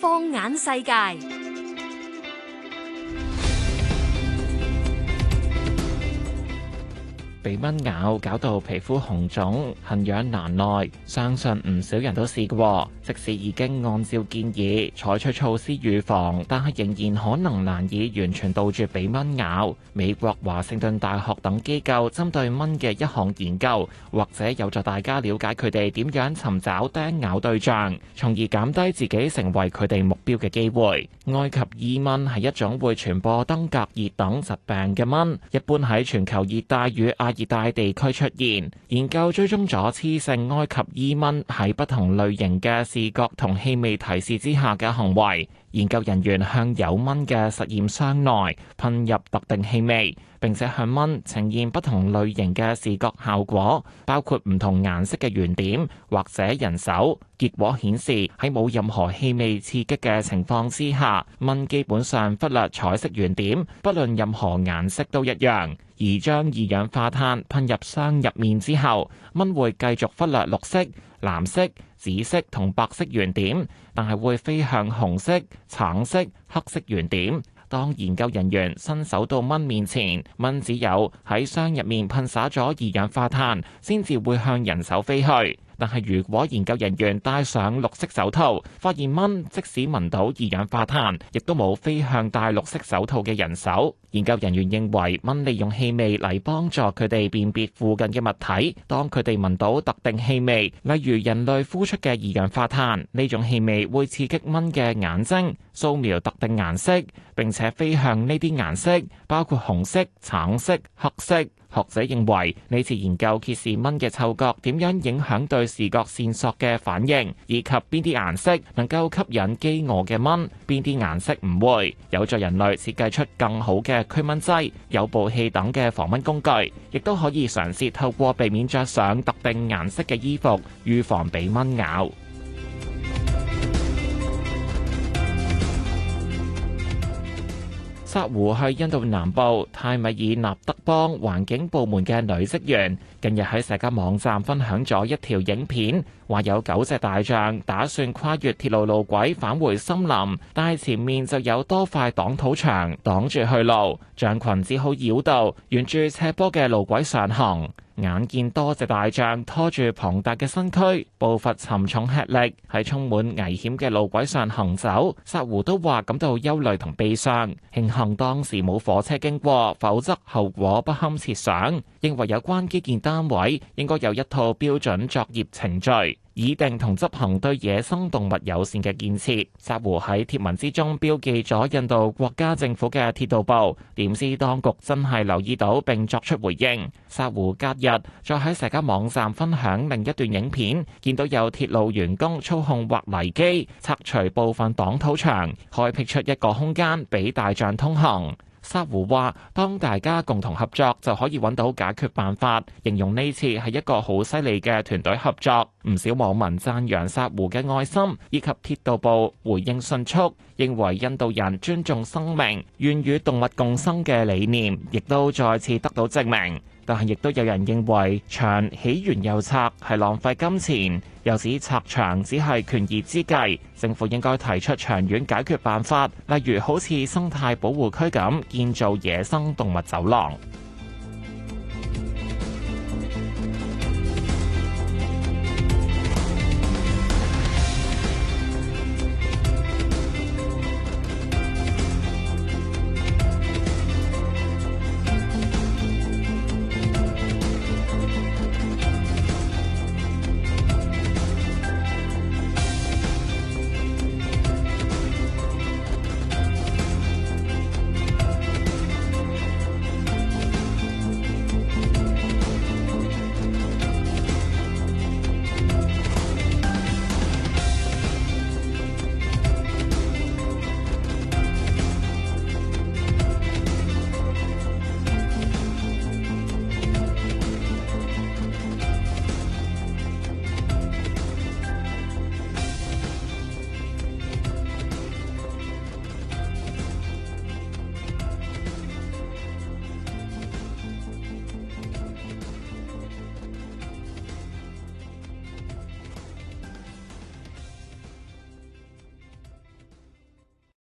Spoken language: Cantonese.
放眼世界。被蚊咬搞到皮膚紅腫，痕癢難耐，相信唔少人都試過。即使已經按照建議採取措施預防，但係仍然可能難以完全杜絕被蚊咬。美國華盛頓大學等機構針對蚊嘅一項研究，或者有助大家了解佢哋點樣尋找叮咬對象，從而減低自己成為佢哋目標嘅機會。埃及伊蚊係一種會傳播登革熱等疾病嘅蚊，一般喺全球熱帶與亞熱帶地區出現，研究追蹤咗雌性埃及伊蚊喺不同類型嘅視覺同氣味提示之下嘅行為。研究人員向有蚊嘅實驗箱內噴入特定氣味，並且向蚊呈現不同類型嘅視覺效果，包括唔同顏色嘅圓點或者人手。結果顯示喺冇任何氣味刺激嘅情況之下，蚊基本上忽略彩色圓點，不論任何顏色都一樣。而將二氧化碳噴入箱入面之後，蚊會繼續忽略綠色、藍色、紫色同白色圓點，但係會飛向紅色、橙色、黑色圓點。當研究人員伸手到蚊面前，蚊只有喺箱入面噴灑咗二氧化碳，先至會向人手飛去。但係，如果研究人員戴上綠色手套，發現蚊即使聞到二氧化碳，亦都冇飛向戴綠色手套嘅人手。研究人員認為，蚊利用氣味嚟幫助佢哋辨別附近嘅物體。當佢哋聞到特定氣味，例如人類呼出嘅二氧化碳，呢種氣味會刺激蚊嘅眼睛，掃描特定顏色，並且飛向呢啲顏色，包括紅色、橙色、黑色。學者認為，呢次研究揭示蚊嘅嗅覺點樣影響對視覺線索嘅反應，以及邊啲顏色能夠吸引飢餓嘅蚊，邊啲顏色唔會，有助人類設計出更好嘅驅蚊劑、誘捕器等嘅防蚊工具，亦都可以嘗試透過避免着上特定顏色嘅衣服，預防被蚊咬。沙湖去印度南部泰米爾納德邦環境部門嘅女職員，近日喺社交網站分享咗一條影片，話有九隻大象打算跨越鐵路路軌返回森林，但係前面就有多塊擋土牆擋住去路，象群只好繞道沿住斜坡嘅路軌上行。眼見多隻大象拖住龐大嘅身軀，步伐沉重吃力，喺充滿危險嘅路軌上行走，薩胡都話感到憂慮同悲傷，慶幸當時冇火車經過，否則後果不堪設想。認為有關基建單位應該有一套標準作業程序。擬定同執行對野生動物友善嘅建設。沙胡喺貼文之中標記咗印度國家政府嘅鐵道部，點知當局真係留意到並作出回應。沙胡隔日再喺社交網站分享另一段影片，見到有鐵路員工操控挖泥機拆除部分擋土牆，開闢出一個空間俾大象通行。沙胡話：當大家共同合作就可以揾到解決辦法，形容呢次係一個好犀利嘅團隊合作。唔少網民讚揚沙狐嘅愛心以及鐵道部回應迅速，認為印度人尊重生命、願與動物共生嘅理念，亦都再次得到證明。但係亦都有人認為牆起完又拆係浪費金錢，又指拆牆只係權宜之計，政府應該提出長遠解決辦法，例如好似生態保護區咁建造野生動物走廊。